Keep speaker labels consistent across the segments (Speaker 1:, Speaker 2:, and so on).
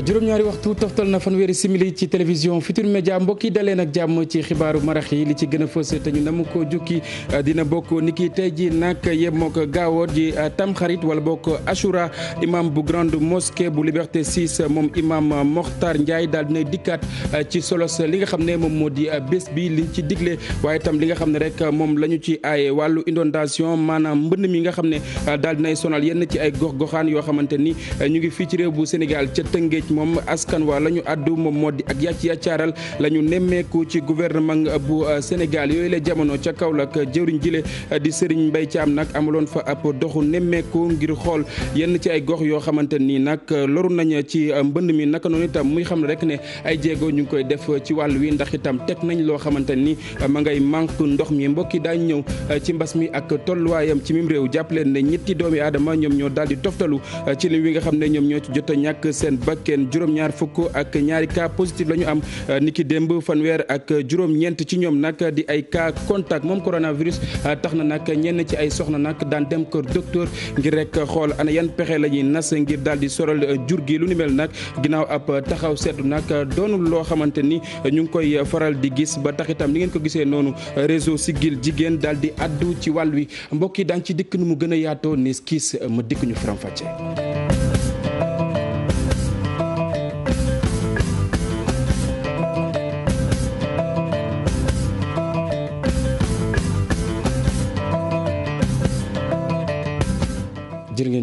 Speaker 1: juróom-ñaari waxtu toftal na fanweeri simili ci télévision Futur Média mbokk yi daleen jàmm ci xibaaru marax yi li ci gën a fës te ñu nam ko jukki euh, dina bokk ni ki tey ji nag yemoo ko gaawoo ji euh, tamxarit wala bokk Ashura imam bu grande mosquée bu Liberté 6 moom imam Mokhtar Ndiaye daal dina dikkaat euh, ci solos li nga xam ne moom moo di bés bi liñ ci digle waaye tam li nga xam ne rek moom la ñu ci ay wàllu inondation maanaam mbënn mi nga xam ne daal dinay sonal yenn ci ay gox goxaan yoo xamante ni ñu ngi fii ci réew bu Sénégal ca Tëngéej moom askan wa la ñu àddu moom moo di ak yàcc yàccaaral la ñu nemmeeku ci gouvernement bu euh, Sénégal yooyu la jamono ca Kaolack euh, jëriñ jile euh, di Serigne Mbaye Thiam nag amaloon fa ab doxu nemmeeku ngir xool yenn ci ay gox yoo xamante nii nag loru nañ ci mbënd mi naka noonu itam muy xam ne rek ne ay jéego ñu ngi koy def ci wàll wi ndax itam teg nañ loo xamante nii ma ngay manque ndox mi mbokki daañ ñëw ci mbas mi ak tolluwaayam ci mim réew jàpp leen ne ñetti doomi aadama ñoom ñoo daal di toftalu ci lim wi nga xam ne ñoom ñoo ci jot a ñàkk seen bakke week-end juróom-ñaar fukk ak ñaari cas positif lañu ñu am euh, niki démb fanweer ak juróom-ñeent ci ñoom nag di ay cas contact moom coronavirus euh, tax na nag ñenn ci ay soxna nag daan dem kër docteur ngir rek xool ana yan pexe la ñuy nas ngir daal di soral euh, jur gi lu ni mel nag ginnaaw ab taxaw seetlu nag doonul loo xamante ni ñu ngi koy faral di gis ba tax itam ni ngeen ko gisee noonu réseau Siggil Jigéen daal di addu ci wàll wi mbokk yi daan ci dikk ni mu gën a yaatoo ne kiis ma dikk ñu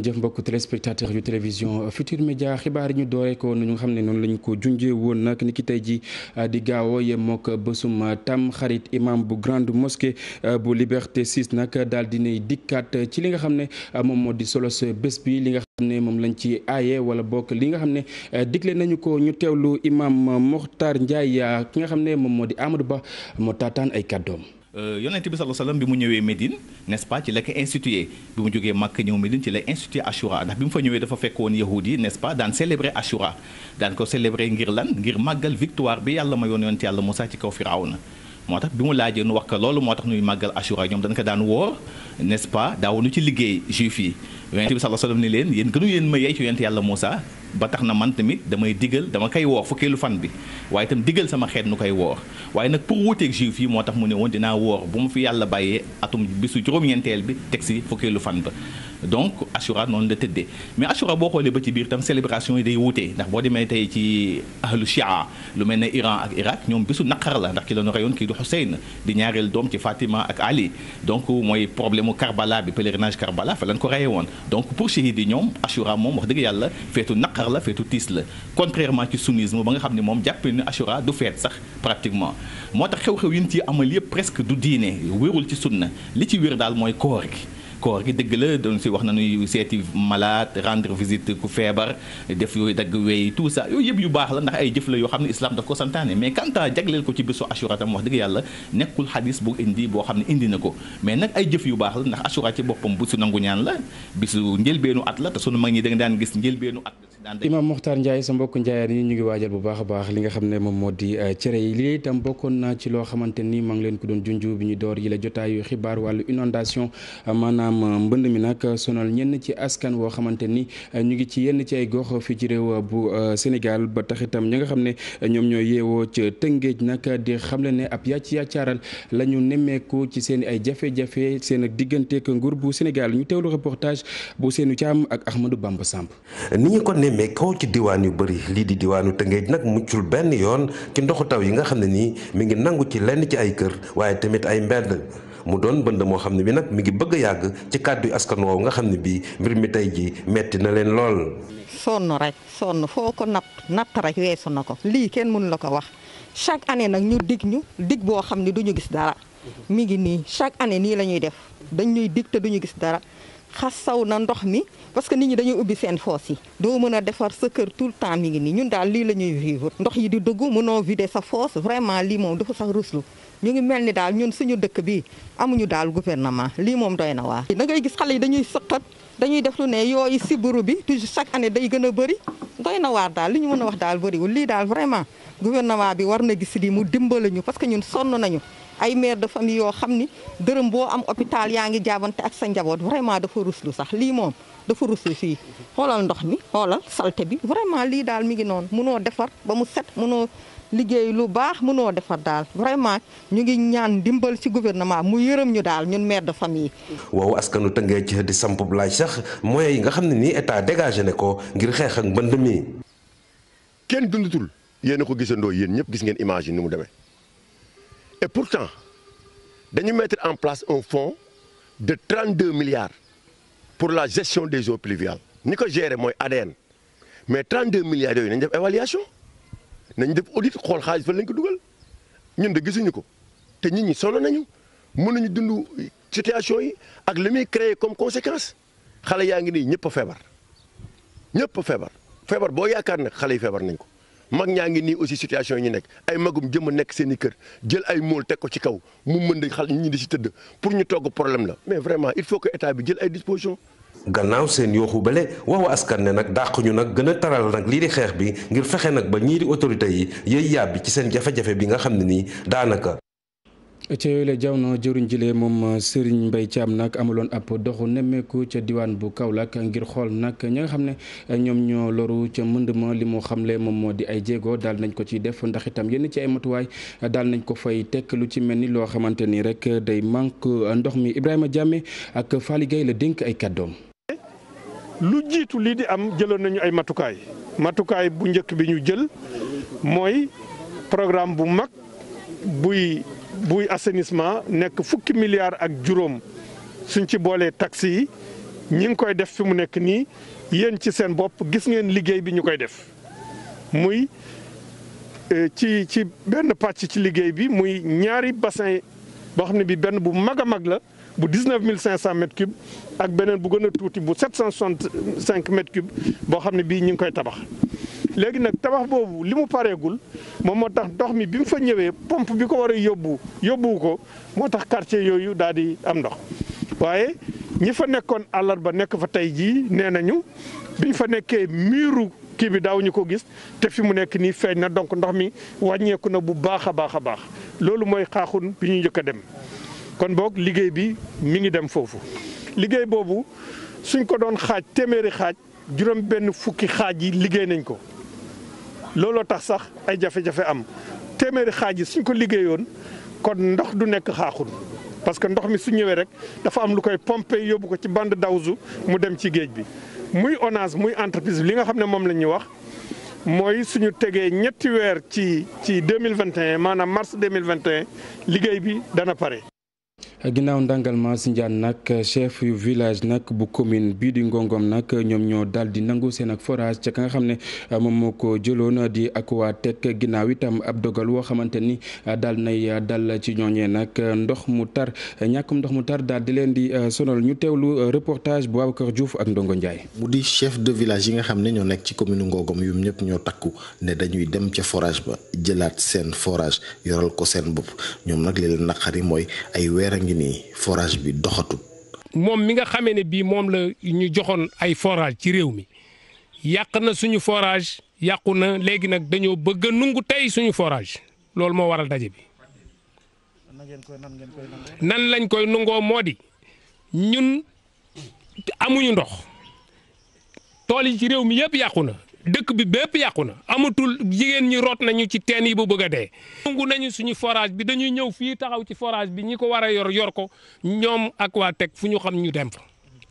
Speaker 1: jëf mbokku téléspectateur yu télévision Futur Média xibaar yi ñu doore ko nu nga xam ne noonu la ñu ko junjee woon nag ni ki tey ji ah, di gaawo yem mook bésum tam xarit imam bu grande mosquée ah, bu liberté sis nag daal dinay dikkaat ci li nga xam ne ah, moom moo di solo bés bi li nga xam ne moom lañ ci aaye wala bokk li nga xam ne digle nañu ko ñu teewlu imam Mokhtar Ndiaye ki nga xam ne moom moo di Amadou Ba moo taataan ay kàddoom
Speaker 2: Euh, yonent bi sallallahu alayhi wa sallam bi mu ñëwee Médine n'est-ce pas ci la ko institué bi mu jógee Màkk ñëw Médine ci la institué Ashura ndax bi mu fa ñëwee dafa fekkoon yahud yi n'est-ce daan célébrer Ashura daan ko célébrer ngir lan ngir màggal victoire bi yàlla mayoon yonent yàlla Moussa ci kaw Firawna moo tax bi mu laajee nu wax ko loolu moo tax nuy màggal Ashura ñoom dañ ko daan woor n'est-ce pas daawuñu ci liggéey juif yi yonent bi sallallahu alayhi wa sallam ni leen yéen gënu yéen ma yey ci yonent yàlla Moussa ba tax na man tamit damay digal dama koy woor fukkeelu fan bi waaye itam digal sama xeet nu koy woor waaye nag pour wuuteeg juif yi moo tax mu ne woon dinaa woor bu mu fi yàlla bàyyee atum bisu juróom-ñeenteel bi teg si fukkeelu fan ba donc assura noonu la tëddee mais assura boo xoolee ba ci biir tam célébration yi day wuutee ndax boo demee tey ci ahlu shia lu mel ne Iran ak Irak ñoom bisu naqar la ndax ki doon rayoon kii du Hussein di ñaareel doom ci Fatima ak Ali donc mooy problème mu Karbala bi pèlerinage Karbala fa lañ ko rayee woon donc pour chahid yi ñoom dëgg yàlla naqar la feetu tiis la contrairement ci sunnisme ba nga xam ne moom jàppee ne Ashura du feet sax pratiquement moo tax xew-xew yi ñu amal yëpp presque du diine wérul ci sunna li ci wér daal mooy koor gi koor gi dëgg la doon si wax nañuy seeti malade rendre visite ku feebar def yooyu dagg wey tout ça yooyu yëpp yu baax la ndax ay jëf la yoo xam ne islam daf ko santaane mais quant à jagleel ko ci bésu assura tam wax dëgg yàlla nekkul xadis boo indi na ko mais nag ay su nangu ñaan la bisu njëlbeenu at da nga daan
Speaker 1: Imaam Mokhtar Ndiaye sa mbokk njaayaan yi ñu ngi waajal bu baax a baax li nga xam ne moom moo di euh, cere yi lii itam bokkoon naa ci loo xamante ni maa ngi leen ko doon junj bi ñu door yi la jotaayu xibaar wàllu inondation euh, maanaam euh, mbënd mi nag sonal ñenn ci askan woo xamante ni ñu ngi ci yenn ci ay gox fii ci réew bu Sénégal ba tax itam ñi nga xam ne ñoom ñoo yeewoo ca Tëngéej nag di xamle ne ab yàcc yàccaaral la ñu nemmeeku ci seen ay jafe-jafe seen digganteeg nguur bu Sénégal ñu teewlu reportage bu seenu caam ak Ahmadou
Speaker 3: Bamba Samb nemee ko ci diwaan yu bëri lii di diwaanu Tëngéej nag muccul benn yoon ci ndoxu taw yi nga xam ne nii mi ngi nangu ci lenn ci ay kër waaye tamit ay mbedd mu doon bënd moo xam ne bi nag mi ngi bëgg a yàgg ci kàddu askan woowu nga xam ne bii mbir mi tey ji metti na leen lool.
Speaker 4: sonn rek sonn foo ko natt natt rek weesu na ko lii kenn mënu la ko wax chaque année nag ñu dig ñu dig boo xam ne duñu gis dara mi ngi nii chaque année nii la ñuy def dañ ñuy te du xasaw na ndox mi parce que nit ñi dañuy ubbi seen foos yi doo mën a defar sa kër tout le temps mi ngi nii ñun daal lii la ñuy vivre ndox yi di dugg mënoo vider sa foos vraiment lii moom dafa sax ruslu ñu ngi mel ni daal ñun suñu dëkk bi amuñu daal gouvernement lii moom doy na waa da ngay gis xale yi dañuy sëqat dañuy def lu ne yooyu siburu bi toujours chaque année day gën a bëri doy na waar daal li ñu mën a wax daal bëriwul lii daal vraiment gouvernement bi war na gis lii mu dimbali ñu parce que ñun sonn nañu ay mère de famille yoo xam ni dërëm boo am hôpital yaa ngi jaabante ak sa njaboot vraiment dafa ruslu sax lii moom dafa ruslu fii xoolal ndox mi xoolal salte bi vraiment lii daal mi ngi noonu mënoo defar ba mu set mënoo liggéey lu baax mënoo defar daal vraiment ñu ngi ñaan dimbal ci gouvernement mu yërëm ñu daal ñun mère de famille.
Speaker 3: waaw askanu tëngee ci di samp laaj sax moyens yi nga xam ne nii état dégagé ne ko ngir xeex ak mbënd mi. kenn dundutul yéen a ko gisandoo yéen ñëpp gis ngeen image yi ni demee. et pourtant dañu mettre en place un fonds de trent deux milliards pour la gestion des eaux pluviales ni ko gérer mooy ADN mais 32 milliards yooyu nañ def évaluation nañ def audit xool xaalis fan lañ ko dugal ñun de gisuñu ko te nit ñi sonn nañu mënuñu dundu situation yi ak li muy créer comme conséquence xale yaa ngi nii ñëpp a feebar ñëpp a feebar feebar boo yaakaar ne xale yi feebar nañ ko mag ñaa ngi nii aussi situation yi ñu nekk ay magum jëm a nekk seeni kër jël ay mool teg ko ci kaw mu mën di xal ñi di si tëdd pour ñu togg problème la mais vraiment il faut que état bi jël ay dispositions. gannaaw seen yooxu bale waxu askan ne nag dàquñu nag gën a taral nag lii di xeex bi ngir fexe nag ba ñii di autorités yi yëy yàbbi ci seen jafe-jafe bi nga xam ne nii daanaka.
Speaker 1: ca yooyu la jamono jëruñ jile moom euh, Serigne Mbaye Thiam nag amaloon ab doxu nemmeeku ca diwaan bu Kaolack ngir xool nag ñi nga xam ne euh, ñoom ñoo loru ca mënd ma li mu xamle moom moo di ay jéego daal nañ ko ci def ndax itam yenn ci ay matuwaay euh, daal nañ ko fay tekk ci mel ni loo xamante nii rek day manque ndox mi Ibrahima Diame ak Faly Gueye la dénk ay kàddoom.
Speaker 5: lu jiitu lii di am jëloon nañu ay matukaay matukaay bu njëkk bi ñu jël mooy programme bu mag buy assainissement nekk fukki milliards ak juróom suñ ci boolee taxi yi ñi ngi koy def fi mu nekk nii yéen ci seen bopp gis ngeen liggéey bi ñu koy def muy euh, ci ci benn pàcc ci liggéey bi muy ñaari bassin boo xam ne bi benn bu mag a mag la bu 19500 mètres cubes ak beneen bu gën a tuuti bu 765 mètres cubes boo xam ne bii ñu ngi koy tabax léegi nag tabax boobu li mu pareegul moom moo tax ndox mi bi mu fa ñëwee pomp bi ko war a yóbbu yóbbuwu ko moo tax quartier yooyu daal di am ndox waaye ñi fa nekkoon ba nekk fa tey jii nee nañu biñ fa nekkee miiru kii bi daaw ko gis te fi mu nekk nii feeñ na donc ndox mi wàññeeku na bu baax a baax a baax loolu mooy xaaxun bi ñu njëkk a dem kon boog liggéey bi mu ngi dem foofu liggéey boobu suñ ko doon xaaj téeméeri xaaj juróom benn fukki xaaj yi liggéey nañ ko looloo tax sax ay jafe-jafe am téeméeri xaaj yi suñ ko liggéeyoon kon ndox du nekk xaaxul parce que ndox mi su ñëwee rek dafa am lu koy pomper yóbbu ko ci bande Daouzu mu dem ci géej bi. muy ONAS muy entreprise bi li nga xam ne moom la ñuy wax mooy suñu tegee ñetti weer ci ci deux mille vingt et maanaam mars deux mille vingt et liggéey bi dana pare. ginnaaw
Speaker 1: ndàngal Massindiane nag chef yu village nag bu commune bii di Ngongom nag ñoom ñoo daal di nangu seen ak forage ca ka nga xam ne moom moo ko jëloon di ak waa Aquatec ginnaaw itam ab dogal woo xamante ni daal nay dal ci ñooñee nag ndox mu tar ñàkkum ndox mu tar daal di leen di sonal ñu teewlu reportage bu Babacar Diouf ak Ndongo Ndiaye.
Speaker 3: mu di chef de village yi nga xam ne ñoo nekk ci commune Ngongom yum ñëpp ñoo takku ne dañuy dem ca forage ba jëlaat seen forage yoral bopp ñoom nag li leen mooy ay weer ngi nii forage bi doxatul.
Speaker 6: moom mi nga xamee ne bii moom la ñu joxoon ay forage ci réew mi yàq na suñu forage yàqu na léegi nag dañoo bëgg a nungu tey suñu forage loolu moo waral daje bi. nan lañ koy nungoo moo di ñun amuñu ndox tool yi ci réew mi yëpp yàqu na dëkk bi bépp yàqu na amatul jigéen ñi root nañu ci teen yi bu bëgg a dee. nangu nañu suñu forage bi dañuy ñëw fii taxaw ci forage bi ñi ko war a yor yor ko ñoom ak waa teg fu ñu xam ñu dem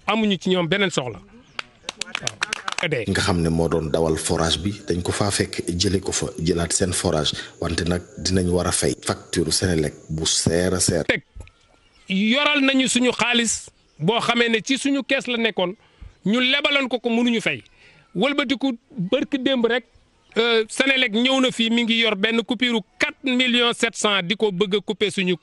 Speaker 6: amuñu ci ñoom beneen soxla waaw. nga
Speaker 3: xam ne moo doon dawal forage bi dañ ko fa fekk jëlee ko fa jëlaat seen forage wante nag dinañu war a fay. facture Senelec bu seer seer. teg
Speaker 6: yoral nañu suñu xaalis boo xamee ne ci suñu kees la nekkoon ñu lebaloon ko ko mënuñu fay. wëlbatiku barki démb rek euh, Sénélec ñëw na fii mi ngi yor benn coupure quatre millions sept cent di ko bëgg a couper suñu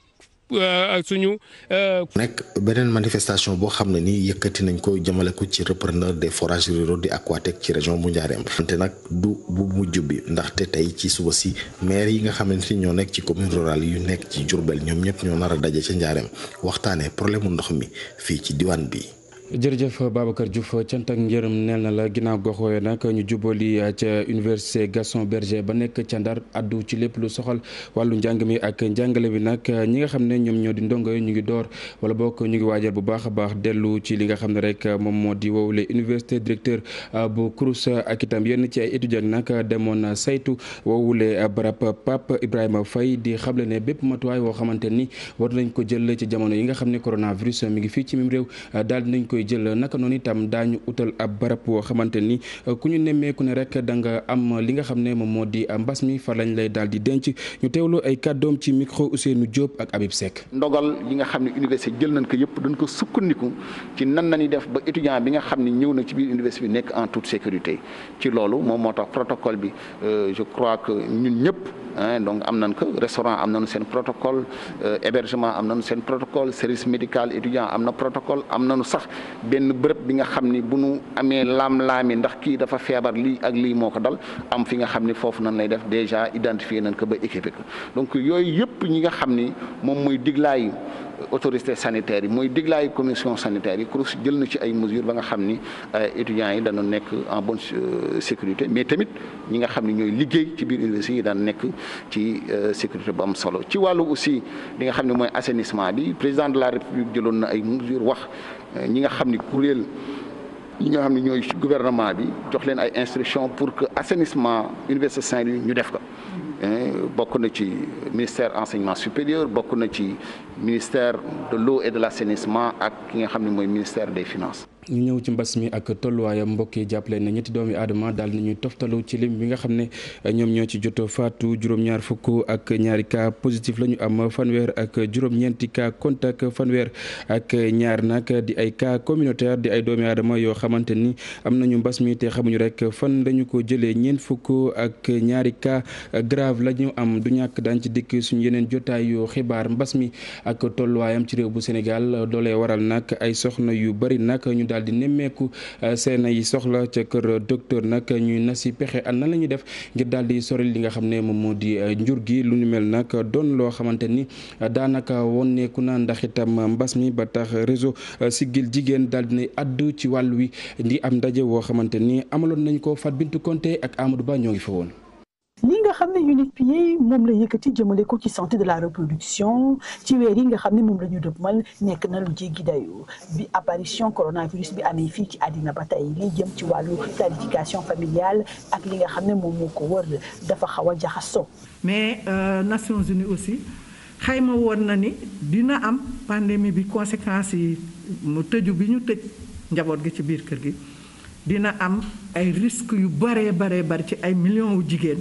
Speaker 6: euh, suñu. Euh,
Speaker 3: nekk beneen manifestation boo xam ne nii yëkkati nañ ko jëmale ko ci repreneur de forages ruraux di Aquatech ci région bu Njaareem. wante nag du bu mujj bi ndaxte tey ci suba si maire yi nga xamante ni ñoo nekk ci commune rurale yu nekk ci Diourbel ñoom ñëpp ñoo nar a daje ca Njaareem waxtaanee problème mu ndox mi fii ci diwaan bi.
Speaker 1: jërëjëf Babacar Diouf cant ak njërëm neel na la ginnaaw goxooyo nag ñu jubali ah, ca université gason Berger ba nekk ca Ndar addu ci lépp lu soxal wàllu njàng mi ak njàngale bi nag ah, ñi nga xam ne ñoom ñoo di ndongo ñu ngi door wala bokk ñu ngi waajal bu baax a baax dellu ci li nga xam ne rek ah, moom moo di woowule université directeur bu kurus ak itam yenn ci ay étudiants nag demoon saytu woowule barab Pape Ibrahima fay di xamle ne bépp matuwaay woo xamante ni war nañ ko jël ci jamono yi nga xam ne coronavirus mi ngi fii ci mim réew koy jël naka noonu itam daañu utal ab barab boo xamante ku ñu nemmeeku ne rek da am li nga xam ne moom moo di mbas mi fa lañ lay daal di denc ñu teewloo ay kàddoom ci micro Ousseynou Diop ak Habib Seck.
Speaker 7: ndogal yi nga xam ne université jël nañ ko yëpp dañ ko sukkandiku ci nan la ñuy def ba étudiant bi nga xam ni ñëw na ci biir université bi nekk en toute sécurité ci loolu moom moo tax protocole bi euh, je crois que ñun ñëpp donc am nañ ko restaurant am nañu seen protocole euh, hébergement am nañu seen protocole service médical étudiant benn bërëb bi nga xam ni bu nu amee laam-laami ndax kii dafa feebar lii ak lii moo ko dal am fi nga xam ni foofu nan lay def déjà identifié nañ ko ba équipe ko donc yooyu yëpp ñi nga xam ni moom mooy diglaayu autorité sanitaire yi mooy diglaayu commission sanitaire yi CROUS jël na ci ay mesures ba nga xam ni euh, étudiants yi dana nekk en bonne euh, sécurité mais tamit ñi nga xam ni ñooy liggéey ci biir université yi daan nekk ci euh, sécurité bu am solo ci wàllu aussi li nga xam ne mooy assainissement bi président de la république jëloon na ay mesures wax ñi nga xam ni kuréel ñi nga xam ne ñooy gouvernement bi jox leen ay instructions pour que assainissement Université Saint-Louis ñu def ko eh, bokk na ci ministère enseignement supérieur bokk na ci ministère de l'eau et de l'assainissement ak ki nga xam ne mooy ministère des finances.
Speaker 1: ñu ñëw ci mbas mi ak tolluwaayam mbokk yi jàppale na ñetti doomi aadama daal nañuy toftalu ci lim bi nga xam ne ñoom ñoo ci jot faatu juróom-ñaar fukk ak ñaari kaa positif la ñu am fanweer ak juróom-ñeenti cas contact fanweer ak ñaar nag di ay cas communautaire di ay doomi aadama yoo xamante ni am nañu mbas mi te xamuñu rek fan lañu ko jëlee ñeent fukk ak ñaari cas grave la ñu am du ñàkk daan ci dikk suñu yeneen yoo xibaar mbas mi ak tolluwaayam ci réew bu Sénégal loolee waral nag ay soxna yu bëri nag ñu daal di nemmeeku eh, seen ay soxla ca kër docteur nag ñuy nasi pexe an na la ñuy def ngir daal di soril li nga xam ne moom moo di eh, njur gi lu ñu mel nag doon loo xamante ni eh, daanaka wonneeku na ndax itam mbas mi ba tax réseau siggil jigéen daal di nay addu ci wàll wi ndi am ndaje woo xamante ni amaloon nañ ko Fat Bintou Konté ak Amadou Ba ñoo ngi fa
Speaker 8: li nga xam ne UNFPA moom la yëkkati jëmale ko ci santé de la reproduction ci weer yi nga xam ne moom la ñu dëgmal nekk na lu jéggi dayoo bi apparition coronavirus bi amee fii ci àddina ba tey li jëm ci wàllu planification familiale ak li nga xam ne moom moo ko wër dafa xaw a jaxasoo.
Speaker 9: mais euh, Nations Unies aussi xayma woon na ni dina am pandémie bi conséquences yi mu tëju bi ñu tëj njaboot gi ci biir kër gi dina am ay risques yu baree baree bari ci ay millions wu jigéen.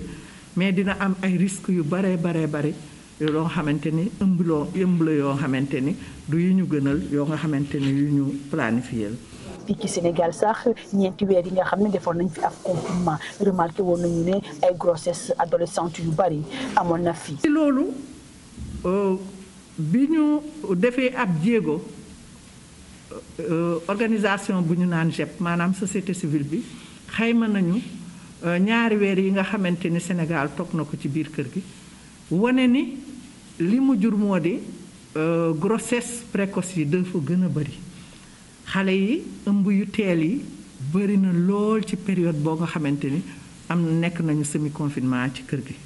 Speaker 9: mais dina am ay risques yu baree baree bari loo xamante ni ëmb loo ëmb la yoo xamante ni du yu ñu gënal yoo nga xamante ni yu ñu planifié la
Speaker 8: ci Sénégal sax ñeenti weer yi nga xam ne defoon nañ fi ak confinement remarqué woon nañu ne ay grossesse adolescente yu bari amoon na fi. ci loolu euh, bi ñu defee ab jéego
Speaker 9: euh, euh, organisation bu ñu naan GEP maanaam société civile bi xayma nañu. Euh, ñaari weer yi nga xamante ni Sénégal toog na ko ci biir kër gi wane ni li mu jur moo di euh, grossesse précoce yi dafa gën a bëri xale yi ëmb yu teel yi bëri na lool ci période boo nga xamante ni am na nekk nañu semi confinement ci kër gi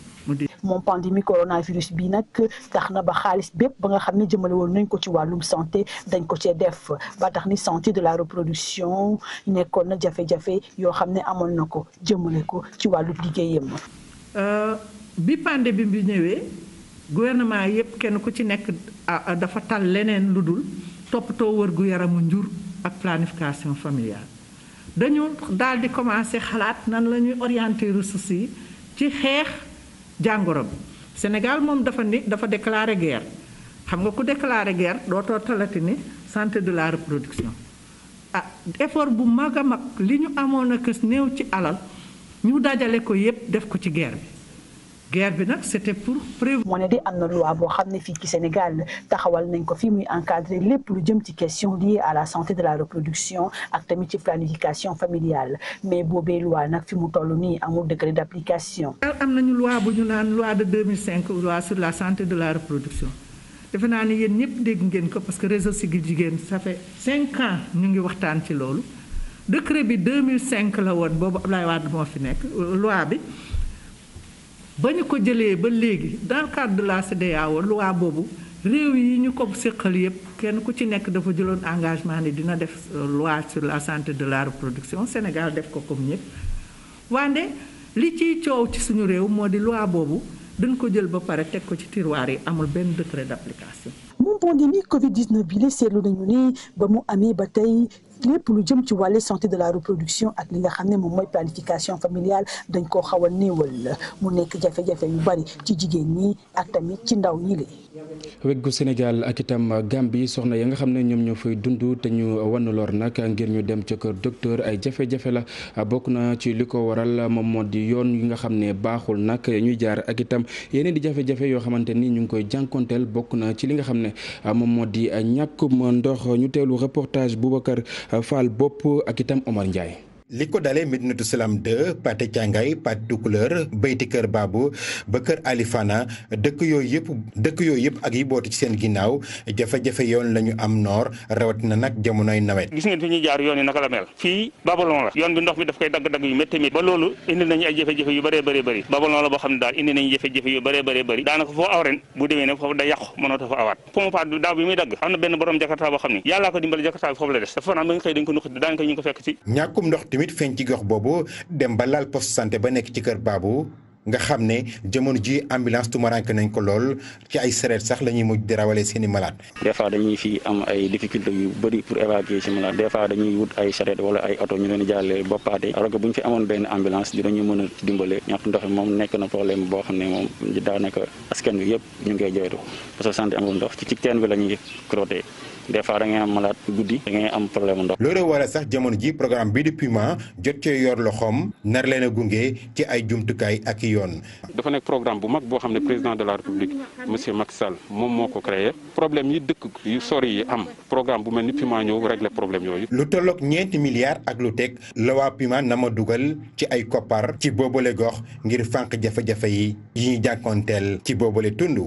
Speaker 8: moom pandémie coronavirus bi nag tax na ba xaalis bépp ba nga xam ne jëmale woon nañ ko ci wàllum santé dañ ko cee def ba tax ni santé de la reproduction nekkoon na jafe-jafe yoo xam ne amoon na ko jëmale ko ci wàllu liggéeyam.
Speaker 9: Euh, bi pandémie bi ñëwee gouvernement yépp kenn ku ci nekk dafa tal leneen lu dul toppatoo wër gu yaramu njur ak planification familiale dañu daal di xalaat nan la ñuy orienter yi ci xeex. jàngoro bi Sénégal moom dafa ni dafa déclaré guerre xam nga ku déclaré guerre dootoo talati ni santé de la reproduction ah effort bu mag a mag li ñu amoon a kës néew ci alal ñu
Speaker 8: dajale ko yépp def ko ci guerre bi guerre bi nag c'était pour prévoir. moo ne de am na loi boo xam ne fii ci Sénégal taxawal nañ ko fii muy encadrer lépp lu jëm ci question liée à la santé de la reproduction ak tamit ci planification familiale mais boobee loi nag fi mu toll nii amul degré d'application.
Speaker 9: am nañu loi bu ñu naan loi de 2005 loi sur la santé de la reproduction defe naa ne yéen ñëpp dégg ngeen ko parce que réseau Siggil Jigéen ça fait cinq ans ñu ngi waxtaan ci loolu décret bi 2005 la woon boobu Abdoulaye Wade moo fi nekk loi bi. ba ñu ko jëlee ba léegi dans le cadre de la CEDEAO loi boobu réew yi ñu ko séqal yépp kenn ku ci nekk dafa jëloon engagement ni dina def euh, loi sur la santé de la production Sénégal def ko comme ñépp wande li ciy coow ci suñu réew moo di loi boobu dañ ko jël ba pare teg ko ci tirwaar yi amul benn décret d'application
Speaker 8: moom pandémie Covid 19 bi la seetlu nañu ni ba mu amee ba tey lépp lu jëm ci wàllu santé de la reproduction ak li nga xam ne moom mooy planification familiale dañ koo xaw a néewal mu nekk jafe-jafe yu bari ci jigéen ñi ak ci ndaw ñi
Speaker 1: Sénégal ak itam Gambie soxna ya nga xam ne ñoom ñoo fay dund te ñu wann lor nag ngir ñu dem ca kër docteur ay jafe la bokk na ci li ko waral moom moo di yoon yi nga xam ne baaxul nag ñuy jaar ak itam yeneen di jafe-jafe yoo xamante ni ñu ngi koy jànkonteel bokk na ci li nga xam ne moom moo di ñàkkum ndox ñu teelu reportage Boubacar Fall Bopp ak itam Omar Ndiaye.
Speaker 10: li ko dalee Médinatoul Salam 2 Pathé Thiangay Pathé Tukulër Beyti Kër Babou ba Kër Alifana dëkk yooyu yëpp dëkk yooyu yëpp ak yi bootu ci seen ginnaaw jafe-jafe yoon la am noor rawatina nag jamonoy nawet.
Speaker 1: gis ngeen fi ñuy jaar yoon yi naka la mel fii Babalon la yoon bi ndox mi daf koy dagg-dagg yu métti mi ba loolu indi nañu ay jafe-jafe yu bëree bëri bëri Babalon la boo xam ne daal indi nañu jafe-jafe yu bëree bëri bëri daanaka foo aw bu demee da yàqu mënatoo fa awaat pont pa daaw bi ba nga xëy dañ ko nuqi daanaka
Speaker 10: ñu tamit feeñ ci gox boobu dem ba laal poste santé ba nekk ci kër baabu nga xam ne jamono ji ambulance tumaranke nañ ko lool ci ay sareet sax la ñuy mujj di rawale seen i malade
Speaker 11: des fois dañuy fi am ay difficulté yu bëri pour évacuer si malade des fois dañuy wut ay sareet wala ay oto ñu leen jàllee boppaate alors que bu ñu fi amoon benn ambulance dinañu mën a dimbale ñàkk ndox moom nekk na problème boo xam ne moom daanaka askan bi yëpp ñu ngi koy jooytu parce que santé amul ndox ci ci la ñuy crotté des fois da ngay am malade guddi da ngay am problème ndox. loolu
Speaker 10: wala sax jamono ji programme bi di Puma jot cee yor loxoom nar leen a gunge ci ay jumtukaay ak yoon. dafa nekk programme bu mag boo xam ne
Speaker 1: président de la république monsieur Macky Sall moom moo ko créé problème yi dëkk yu sori yi am programme bu mel ni Puma ñëw régler problème yooyu.
Speaker 10: lu tolloog ñeenti milliards ak lu teg lowaa waa Puma na ma dugal ci ay koppar ci boobule gox ngir fànq jafe-jafe yi yi ñuy jànkoonteel ci boobule tund.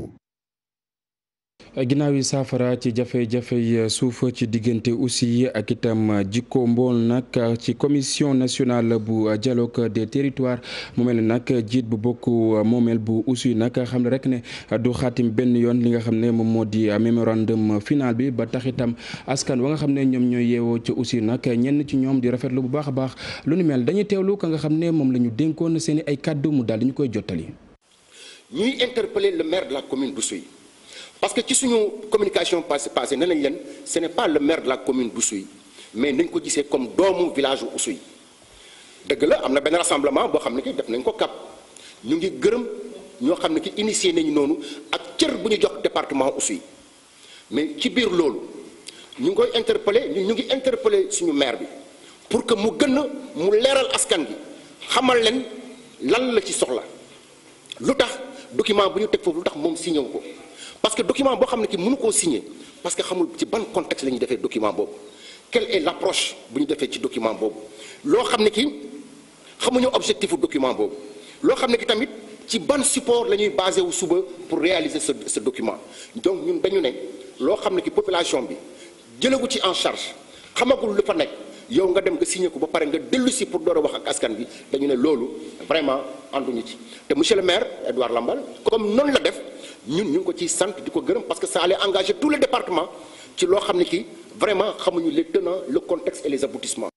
Speaker 1: ginnaaw yi saafara ci jafe-jafe suuf ci diggante aussi ak itam jikko mbool nag ci commission nationale bu dialogue des territoires mu mel ne nag jiit bu bokk moomeel bu aussi nag xam ne rek ne du xaatim benn yoon li nga xam ne moom moo di mémorandum final bi ba tax itam askan wa nga xam ne ñoom ñooy yeewoo ci aussi nag ñenn ci ñoom di rafetlu bu baax a baax lu nu mel dañuy teewlu ka nga xam ne moom la ñu dénkoon seen i ay kàddu mu daal dañu koy jottali.
Speaker 7: ñuy parce que ci suñu communication passé passé ne nañ leen ce n'est pas le maire de la commune d'Oussouye mais nañ ko gisee comme doomu village Oussouye dëgg la am na benn rassemblement boo xam ne ki def nañ ko cap ñu ngi gërëm ñoo xam ne ki initier nañu noonu ak cër bu ñu jox département Oussouye mais ci biir loolu ñu ngi koy interpeller ñu ngi interpeller suñu maire bi pour que mu gën a mu leeral askan bi xamal leen lan la ci soxla lu tax document bu ñu te foofu lu tax moom signé wu ko parce que document boo xam ne ki mënu koo signer parce que xamul ci ban contexte la ñuy defee document boobu quelle est l'approche bu ñu defee ci document boobu loo xam ne ki xamuñu objectif document boobu loo xam ne ki tamit ci ban support la ñuy basé wu suba pour réaliser ce ce document donc ñun dañu ne loo xam ne ki population bi jëlagu ci en charge xamagul lu fa nekk yow nga dem nga signé ko ba pare nga dellu si pour door a wax ak askan bi dañu ne loolu vraiment ànduñu ci te monsieur le maire Edouard Lambal comme noonu la def. ñun ñu ngi ko ciy sant di ko gërëm parce que ça allait engager tout le département ci loo xam ne kii vraiment xamuñu le tenants le contexte et les aboutissements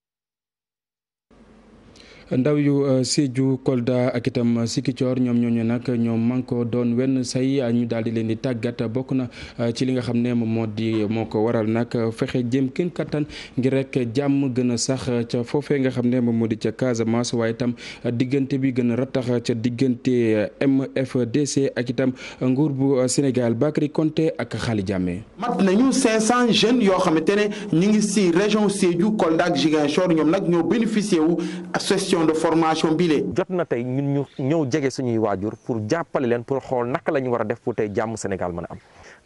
Speaker 1: ndaw yu euh, Sédhiou Kolda ak itam Sikicoor ñoom ñooñu nag ñoom manko doon wenn say ñu daal di leen di tàggat bokk na euh, ci li nga xam ne moom moo di moo ko waral nag fexe jëm kenn kattan ngir rek jàmm gën a sax ca foofee nga xam ne moom moo di ca Casamance waaye itam diggante bi gën a rattax ca diggante euh, MFDC ak itam nguur bu Sénégal Bakary Konté ak Xaali Jàmme
Speaker 3: mat nañu 500 jeunes yoo xamante ne ñu ngi si région Sédhiou Kolda ak Ziguinchor ñoom nag ñoo bénéficié mission formation bi lee jot na
Speaker 10: tey ñun ñu ñëw jege suñuy waajur pour jàppale leen pour xool naka la ñu war a def pour tey jàmm Sénégal mën a am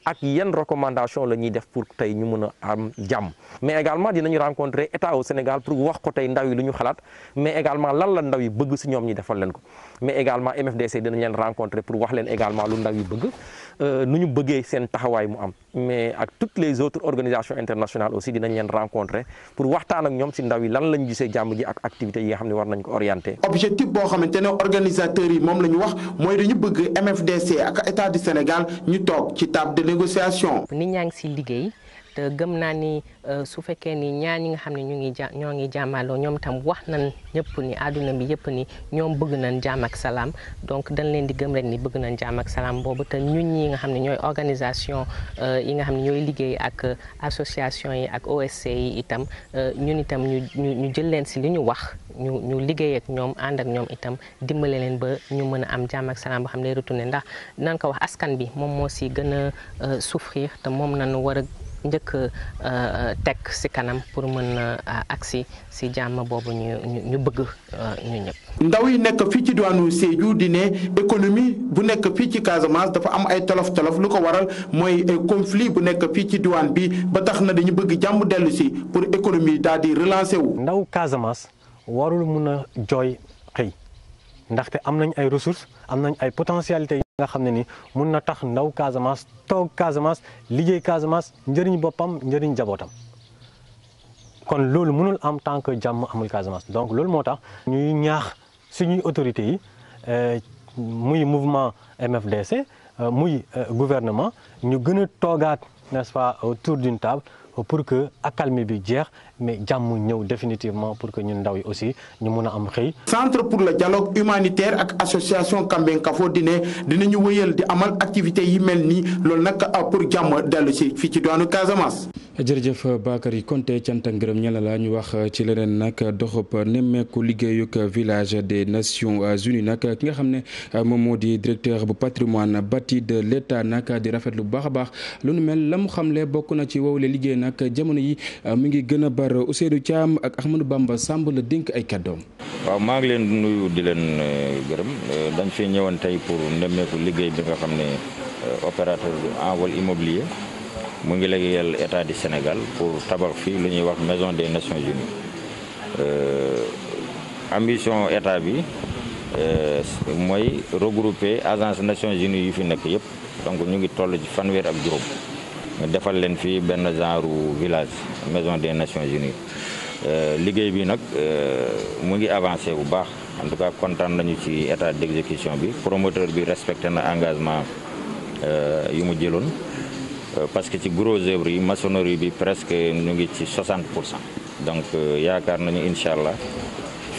Speaker 10: ak yan recommandation la def pour tey ñu mën a am jàmm mais également dinañu rencontrer état au Sénégal pour wax ko tey ndaw lu ñu xalaat mais également lan la bëgg si ñoom euh, ñu bëggee seen taxawaay mu am mais ak toutes les autres organisations internationales aussi dinañ leen rencontrer pour waxtaan ñoom si ndaw lan lañ gisee jàmm ji ak activités yi xam ne war nañ ko orienté
Speaker 3: objectif boo xamante ne organisateurs yi moom la wax mooy négociation.
Speaker 4: nit ñaa ngi si liggéey te gëm naa ni euh, su fekkee ni ñaar ñi nga xam ne ñu ngi ja ñoo ngi jàmmaloo ñoom itam wax nañ ñëpp ni àdduna bi yëpp ni ñoom bëgg nañ jàmm ak salaam donc dañ leen di gëm rek ni bëgg nañ jàmm salaam boobu te ñun ñi nga xam ne ñooy organisation euh, yi nga xam ne ñooy liggéey ak euh, association yi ak OSC yi itam ñun itam ñu ñu jël leen si li ñu wax ñu ñu liggéey ak ñoom ànd ak ñoom itam dimbale leen ba ñu mën a am jàmm ak salaam boo xam ne retourné ndax nan ko wax askan bi moom moo si gën a souffrir te moom nañu war njëkk euh, euh, teg si kanam pour mën na agsi si jàmm boobu ñu ñu bëgg
Speaker 1: euh, ñu ñëpp.
Speaker 3: ndaw yi nekk fii ci diwaanu Sédhiou di ne économie bu nekk fii ci Casamance dafa am ay tolof tolof lu ko waral mooy ay conflit bu nekk fii ci diwaan bi ba tax na dañu bëgg jàmm dellu si pour économie daal di relancer wu. ndaw Casamance
Speaker 10: warul mun a jooy xëy ndaxte am nañ ay ressources am nañ ay potentialités. nga xam ne ni mun na tax ndaw Casamance toog Casamance liggéey Casamance njëriñ boppam njëriñ jabootam kon loolu mënul am tant que jàmm amul Casamance donc loolu moo tax ñuy ñaax suñuy autorités yi euh, muy mouvement MFDC euh, muy euh, gouvernement ñu gën a toogaat pas autour d'une pour que accalmie bi jeex mais jàmm ñëw définitivement pour que ñun ndaw yi aussi ñu mun a am xëy.
Speaker 3: centre pour le dialogue humanitaire ak association Kambeng Kafodine dinañu wëyal di amal activité yi mel nii loolu nag ah, pour jàmm dellu si fii ci doonu Casamance.
Speaker 10: jërëjëf
Speaker 1: Bakary Konté cant ak ngërëm ñala la ñu wax ci leneen nag doxub nemmeeku liggéeyuk village de Nations Unies nag ki nga xam ne ah, moom moo di directeur bu patrimoine bâti de l'État nag di rafet lu baax a baax lu nu mel la na maire Ousseynou Thiam ak Ahmadou Bamba Samb la dénk ay kàddoom.
Speaker 11: waaw maa ngi leen nuyu di leen euh, gërëm euh, dañ fi ñëwoon tey pour nemmeeku liggéey bi nga xam ne euh, opérateur envol immobilier mu ngi liggéeyal état du Sénégal pour tabax fii lu ñuy wax maison des Nations Unies ambition état bi mooy regrouper agence Nations Unies yu fi nekk yëpp donc ñu ngi toll ci fanweer ak juróom. defal leen fii benn genre village maison des nations unies euh, liggéey bi nag euh, mu ngi avancé bu baax en tout cas kontaan nañu ci état d'exécution bi promoteur bi respecté na engagement euh, yu mu jëloon parce que ci gros œuvre yi maçonnerie bi presque ñu ngi ci 60 pour cent donc yaakaar nañu incha allah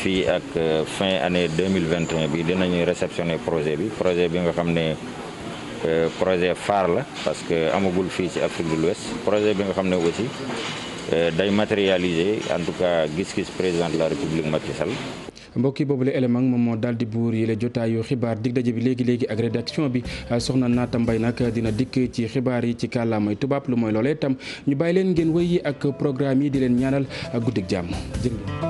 Speaker 11: fii ak fin année 2021 bi dinañu réceptionner projet bi projet bi nga xam ne Euh, projet phare la parce que amagul fii ci Afrique de l'Ouest projet bi nga xam ne aussi euh, day matérialiser en tout cas gis-gis président de la République Macky Sall.
Speaker 1: mbokki boobule élément moom moo daal di buur yi la jotaayu xibaar dig daje bi léegi léegi ak rédaction bi euh, soxna Naata Mbay nag dina dikk ci xibaar yi ci kàllaamay tubaab lu mooy loolee tam ñu bàyyi leen ngeen wéy yi ak programme yi di leen ñaanal guddik jàmm